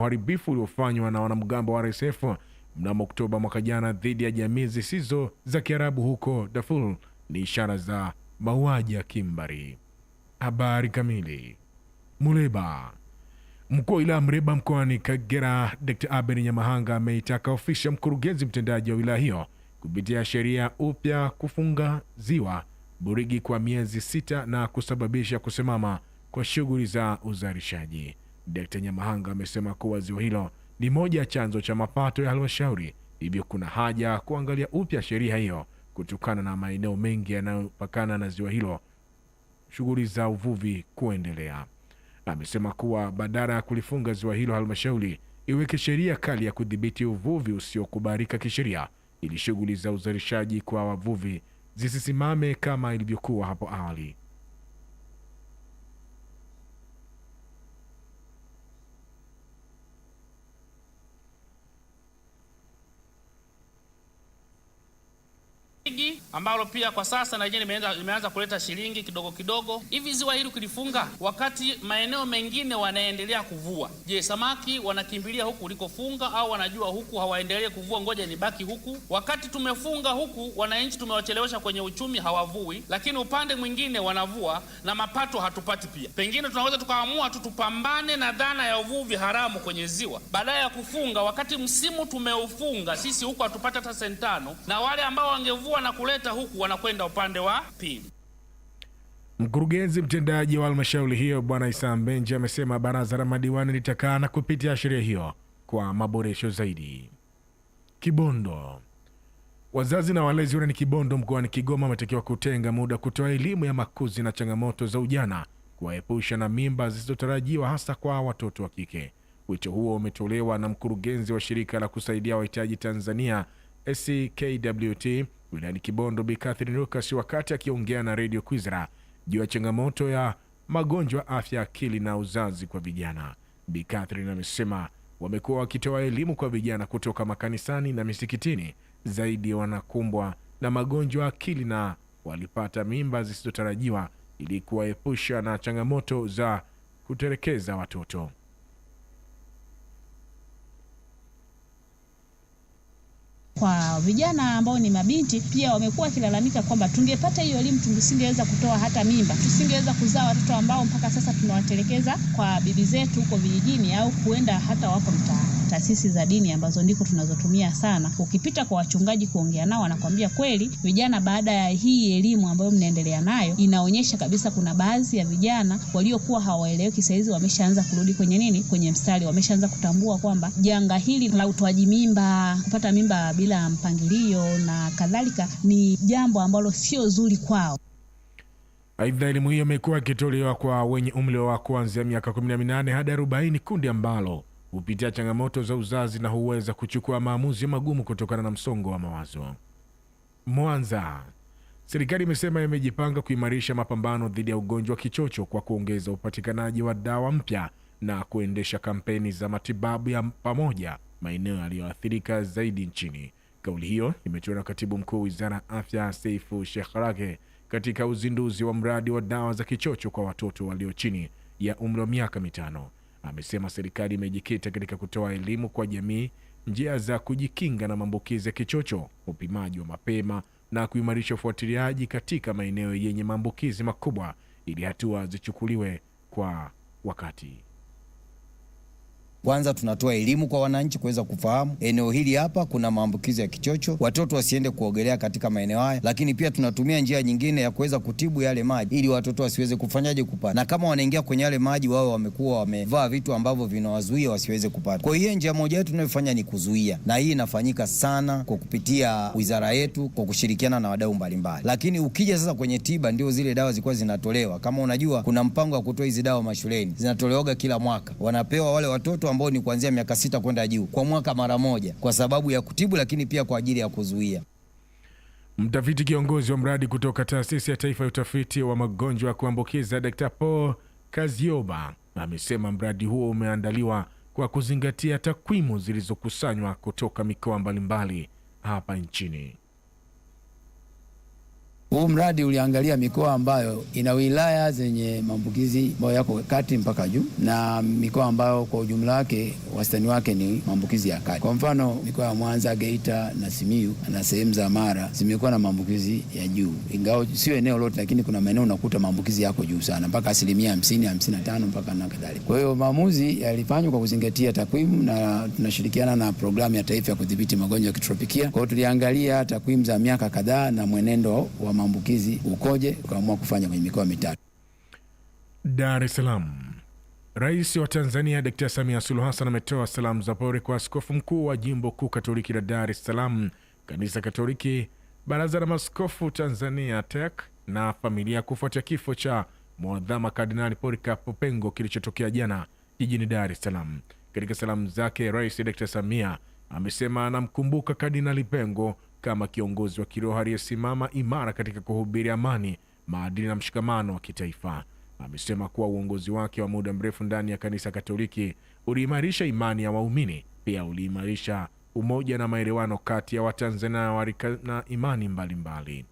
uharibifu uliofanywa na wanamgambo wa RSF mnamo Oktoba mwaka jana dhidi ya jamii zisizo za Kiarabu huko Darfur ni ishara za mauaji ya kimbari. Habari kamili. Muleba. Mkuu wa wilaya mreba mkoani Kagera, Dkt. Aben Nyamahanga ameitaka ofisi ya mkurugenzi mtendaji wa wilaya hiyo kupitia sheria upya kufunga ziwa Burigi kwa miezi sita na kusababisha kusimama kwa shughuli za uzalishaji. Dkt. Nyamahanga amesema kuwa ziwa hilo ni moja ya chanzo cha mapato ya halmashauri, hivyo kuna haja kuangalia upya sheria hiyo kutokana na maeneo mengi yanayopakana na ziwa hilo shughuli za uvuvi kuendelea. Amesema kuwa badala ya kulifunga ziwa hilo, halmashauri iweke sheria kali ya kudhibiti uvuvi usiokubalika kisheria ili shughuli za uzalishaji kwa wavuvi zisisimame kama ilivyokuwa hapo awali. ambalo pia kwa sasa na yenyewe limeanza kuleta shilingi kidogo kidogo hivi. Ziwa hili ukilifunga, wakati maeneo mengine wanaendelea kuvua, je, samaki wanakimbilia huku ulikofunga au wanajua huku hawaendelee kuvua, ngoja nibaki huku? Wakati tumefunga huku, wananchi tumewachelewesha kwenye uchumi, hawavui, lakini upande mwingine wanavua na mapato hatupati pia. Pengine tunaweza tukaamua tu tupambane na dhana ya uvuvi haramu kwenye ziwa badala ya kufunga, wakati msimu tumeufunga sisi huku hatupati hata senti tano, na wale ambao wangevua na kuleta wanaleta huku wanakwenda upande wa pili. Mkurugenzi mtendaji wa halmashauri hiyo Bwana Isa Mbenje amesema baraza la madiwani litakaa na kupitia sheria hiyo kwa maboresho zaidi. Kibondo. Wazazi na walezi wilayani Kibondo mkoani Kigoma wametakiwa kutenga muda kutoa elimu ya makuzi na changamoto za ujana, kuwaepusha na mimba zisizotarajiwa hasa kwa watoto wa kike. Wito huo umetolewa na mkurugenzi wa shirika la kusaidia wahitaji Tanzania SKWT wilayani Kibondo, Bi Catherine Lucas wakati akiongea na Radio Kwizera juu ya changamoto ya magonjwa afya akili na uzazi kwa vijana. Bi Catherine amesema wamekuwa wakitoa elimu kwa vijana kutoka makanisani na misikitini zaidi ya wanakumbwa na magonjwa akili na walipata mimba zisizotarajiwa ili kuwaepusha na changamoto za kuterekeza watoto. kwa vijana ambao ni mabinti pia wamekuwa wakilalamika kwamba tungepata hiyo elimu tusingeweza kutoa hata mimba, tusingeweza kuzaa watoto ambao mpaka sasa tunawatelekeza kwa bibi zetu huko vijijini au kuenda hata wako mtaani taasisi za dini ambazo ndiko tunazotumia sana. Ukipita kwa wachungaji kuongea nao, wanakwambia kweli vijana, baada ya hii elimu ambayo mnaendelea nayo, inaonyesha kabisa kuna baadhi ya vijana waliokuwa hawaeleweki saa hizi wameshaanza kurudi kwenye nini, kwenye mstari, wameshaanza kutambua kwamba janga hili la utoaji mimba, kupata mimba bila mpangilio na kadhalika ni jambo ambalo sio zuri kwao. Aidha, elimu hiyo imekuwa ikitolewa kwa wenye umri wa kuanzia miaka 18 hadi 40, kundi ambalo hupitia changamoto za uzazi na huweza kuchukua maamuzi magumu kutokana na msongo wa mawazo. Mwanza, serikali imesema imejipanga kuimarisha mapambano dhidi ya ugonjwa kichocho kwa kuongeza upatikanaji wa dawa mpya na kuendesha kampeni za matibabu ya pamoja maeneo yaliyoathirika zaidi nchini. Kauli hiyo imetolewa katibu mkuu wizara ya afya Seifu Shekharage katika uzinduzi wa mradi wa dawa za kichocho kwa watoto walio chini ya umri wa miaka mitano amesema serikali imejikita katika kutoa elimu kwa jamii, njia za kujikinga na maambukizi ya kichocho, upimaji wa mapema na kuimarisha ufuatiliaji katika maeneo yenye maambukizi makubwa ili hatua zichukuliwe kwa wakati. Kwanza tunatoa elimu kwa wananchi kuweza kufahamu eneo hili hapa kuna maambukizi ya kichocho, watoto wasiende kuogelea katika maeneo haya, lakini pia tunatumia njia nyingine ya kuweza kutibu yale maji ili watoto wasiweze kufanyaje kupata, na kama wanaingia kwenye yale maji wao wamekuwa wamevaa vitu ambavyo vinawazuia wasiweze kupata. Kwa hiyo njia moja yetu tunayofanya ni kuzuia, na hii inafanyika sana kwa kupitia wizara yetu kwa kushirikiana na wadau mbalimbali. Lakini ukija sasa kwenye tiba, ndio zile dawa zilikuwa zinatolewa. Kama unajua kuna mpango wa kutoa hizi dawa mashuleni, zinatolewaga kila mwaka, wanapewa wale watoto ambao ni kuanzia miaka sita kwenda juu kwa mwaka mara moja, kwa sababu ya kutibu, lakini pia kwa ajili ya kuzuia. Mtafiti kiongozi wa mradi kutoka Taasisi ya Taifa ya Utafiti wa Magonjwa ya Kuambukiza, Dr. Paul Kazioba amesema mradi huo umeandaliwa kwa kuzingatia takwimu zilizokusanywa kutoka mikoa mbalimbali hapa nchini. Huu mradi uliangalia mikoa ambayo ina wilaya zenye maambukizi ambayo yako kati mpaka juu na mikoa ambayo kwa ujumla wake wastani wake ni maambukizi ya kati. Kwa mfano mikoa ya Mwanza, Geita na Simiyu na sehemu za Mara zimekuwa na maambukizi ya juu, ingawa sio eneo lote, lakini kuna maeneo unakuta maambukizi yako juu sana mpaka asilimia 50, 55 mpaka na kadhalika. Kwa hiyo maamuzi yalifanywa kwa kuzingatia takwimu na tunashirikiana na programu ya taifa ya kudhibiti magonjwa ya kitropikia. Kwa hiyo tuliangalia takwimu za miaka kadhaa na mwenendo wa maambukizi ukoje, ukaamua kufanya kwenye mikoa mitatu. Dar es Salaam. Rais wa Tanzania Dkt. Samia Suluhu Hassan ametoa salamu za pole kwa askofu mkuu wa jimbo kuu katoliki la Dar es Salaam, kanisa Katoliki, baraza la maskofu Tanzania TEC na familia kufuatia kifo cha mwadhama Kardinali Polycarp Pengo kilichotokea jana jijini Dar es Salaam. Katika salamu zake, Rais Dkt. Samia amesema anamkumbuka Kardinali Pengo kama kiongozi wa kiroho aliyesimama imara katika kuhubiri amani, maadili na mshikamano wa kitaifa. Amesema kuwa uongozi wake wa muda mrefu ndani ya kanisa Katoliki uliimarisha imani ya waumini, pia uliimarisha umoja na maelewano kati ya Watanzania na warika na imani mbalimbali.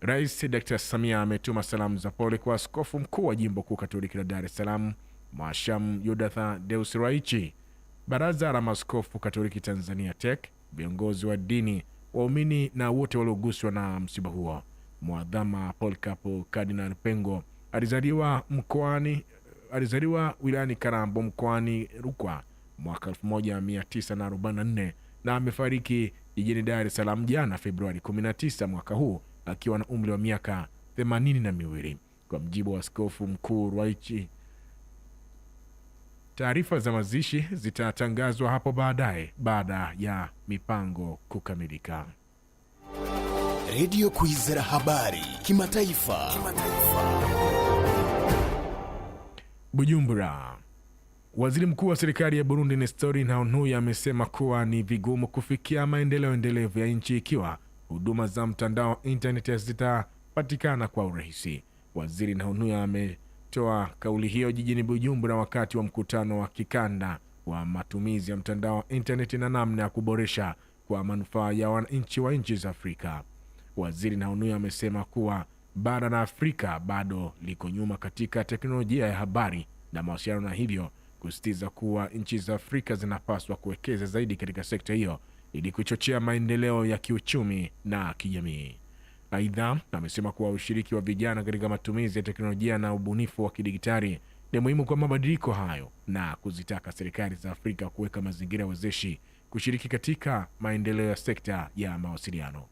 Rais Dr. Samia ametuma salamu za pole kwa askofu mkuu wa jimbo kuu Katoliki la Dar es Salaam Mhashamu Yudatha Deusraichi, Baraza la Maaskofu Katoliki Tanzania TEC, viongozi wa dini waumini na wote walioguswa na msiba huo. Mwadhama Polkapo Kardinal Pengo alizaliwa mkoani alizaliwa wilayani Karambo mkoani Rukwa mwaka 1944 na amefariki jijini Dar es Salaam jana Februari 19 mwaka huu akiwa na umri wa miaka themanini na miwili, kwa mjibu wa askofu mkuu Ruwa'ichi Taarifa za mazishi zitatangazwa hapo baadaye baada ya mipango kukamilika. Redio Kwizera habari kimataifa, kimataifa. Bujumbura. Waziri mkuu wa serikali ya Burundi Nestori Ntahontuye amesema kuwa ni vigumu kufikia maendeleo endelevu ya nchi ikiwa huduma za mtandao wa intaneti zitapatikana kwa urahisi. Waziri Ntahontuye ame toa kauli hiyo jijini Bujumbura wakati wa mkutano wa kikanda wa matumizi ya mtandao wa intaneti na namna ya kuboresha kwa manufaa ya wananchi wa nchi za Afrika. Waziri Naunui amesema kuwa bara la Afrika bado liko nyuma katika teknolojia ya habari na mawasiliano, na hivyo kusisitiza kuwa nchi za Afrika zinapaswa kuwekeza zaidi katika sekta hiyo ili kuchochea maendeleo ya kiuchumi na kijamii. Aidha, amesema kuwa ushiriki wa vijana katika matumizi ya teknolojia na ubunifu wa kidigitali ni muhimu kwa mabadiliko hayo na kuzitaka serikali za Afrika kuweka mazingira wezeshi kushiriki katika maendeleo ya sekta ya mawasiliano.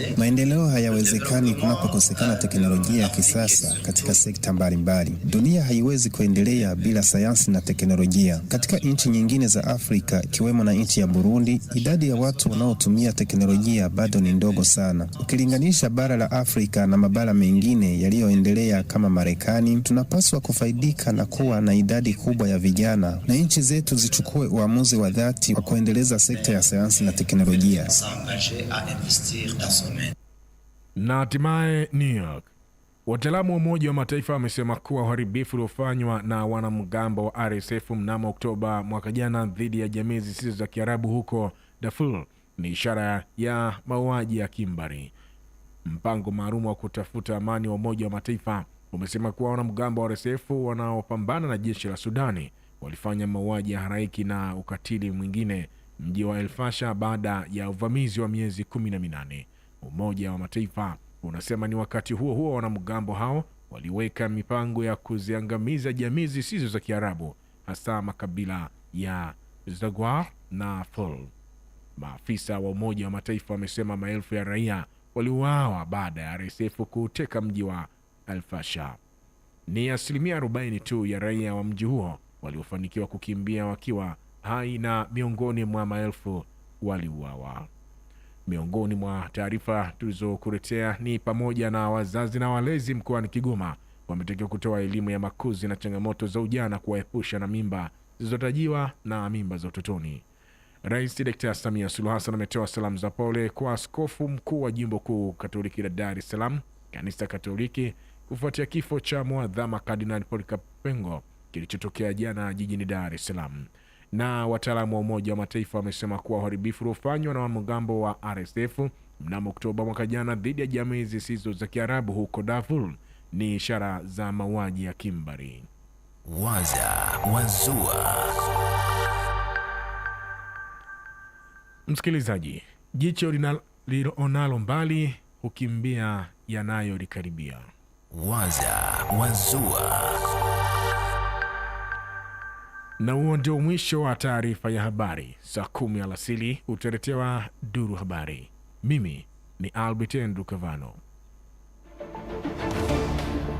Eh, Maendeleo hayawezekani kunapokosekana teknolojia ya kisasa katika sekta mbalimbali. Dunia haiwezi kuendelea bila sayansi na teknolojia. Katika nchi nyingine za Afrika ikiwemo na nchi ya Burundi, idadi ya watu wanaotumia teknolojia bado ni ndogo sana ukilinganisha bara la Afrika na mabara mengine yaliyoendelea kama Marekani. Tunapaswa kufaidika na kuwa na idadi kubwa ya vijana, na nchi zetu zichukue uamuzi wa dhati wa kuendeleza sekta ya sayansi na teknolojia teknolojia. Na hatimaye New York, wataalamu wa Umoja wa Mataifa wamesema kuwa uharibifu uliofanywa na wanamgambo wa RSF mnamo Oktoba mwaka jana dhidi ya jamii zisizo za Kiarabu huko Darfur ni ishara ya mauaji ya kimbari. Mpango maalum wa kutafuta amani wa Umoja wa Mataifa umesema kuwa wanamgambo wa RSF wanaopambana na jeshi la Sudani walifanya mauaji ya haraiki na ukatili mwingine mji wa elfasha baada ya uvamizi wa miezi kumi na minane. Umoja wa Mataifa unasema ni wakati huo huo wanamgambo hao waliweka mipango ya kuziangamiza jamii zisizo za Kiarabu, hasa makabila ya Zagwar na Ful. Maafisa wa Umoja wa Mataifa wamesema maelfu ya raia waliuawa baada ya RSF kuuteka mji wa Alfasha. Ni asilimia 40 tu ya raia wa mji huo waliofanikiwa kukimbia wakiwa hai na miongoni mwa maelfu waliuawa. Miongoni mwa taarifa tulizokuletea ni pamoja na wazazi na walezi mkoani Kigoma wametakiwa kutoa elimu ya makuzi na changamoto za ujana, kuwaepusha na mimba zilizotajiwa na mimba za utotoni. Rais Dkt. Samia Suluhu Hassan ametoa salamu za pole kwa askofu mkuu wa jimbo kuu Katoliki la Dar es Salaam, kanisa Katoliki, kufuatia kifo cha mwadhama Kardinali Polycarp Pengo kilichotokea jana jijini Dar es Salaam na wataalamu wa Umoja wa Mataifa wamesema kuwa uharibifu uliofanywa na wanamgambo wa RSF mnamo Oktoba mwaka jana dhidi ya jamii zisizo za Kiarabu huko Darfur ni ishara za mauaji ya kimbari. Waza Wazua. Msikilizaji, jicho lilionalo mbali hukimbia yanayolikaribia. Waza Wazua. Na huo ndio mwisho wa taarifa ya habari. Saa kumi alasili utaletewa duru habari. Mimi ni Albert Ndukavano.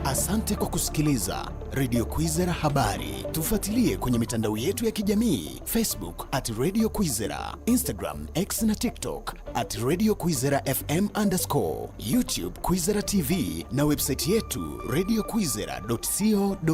Asante kwa kusikiliza Radio Kwizera Habari. Tufuatilie kwenye mitandao yetu ya kijamii Facebook at Radio Kwizera, Instagram, X na TikTok at Radio Kwizera FM underscore, YouTube Kwizera TV na website yetu radiokwizera.co.tz.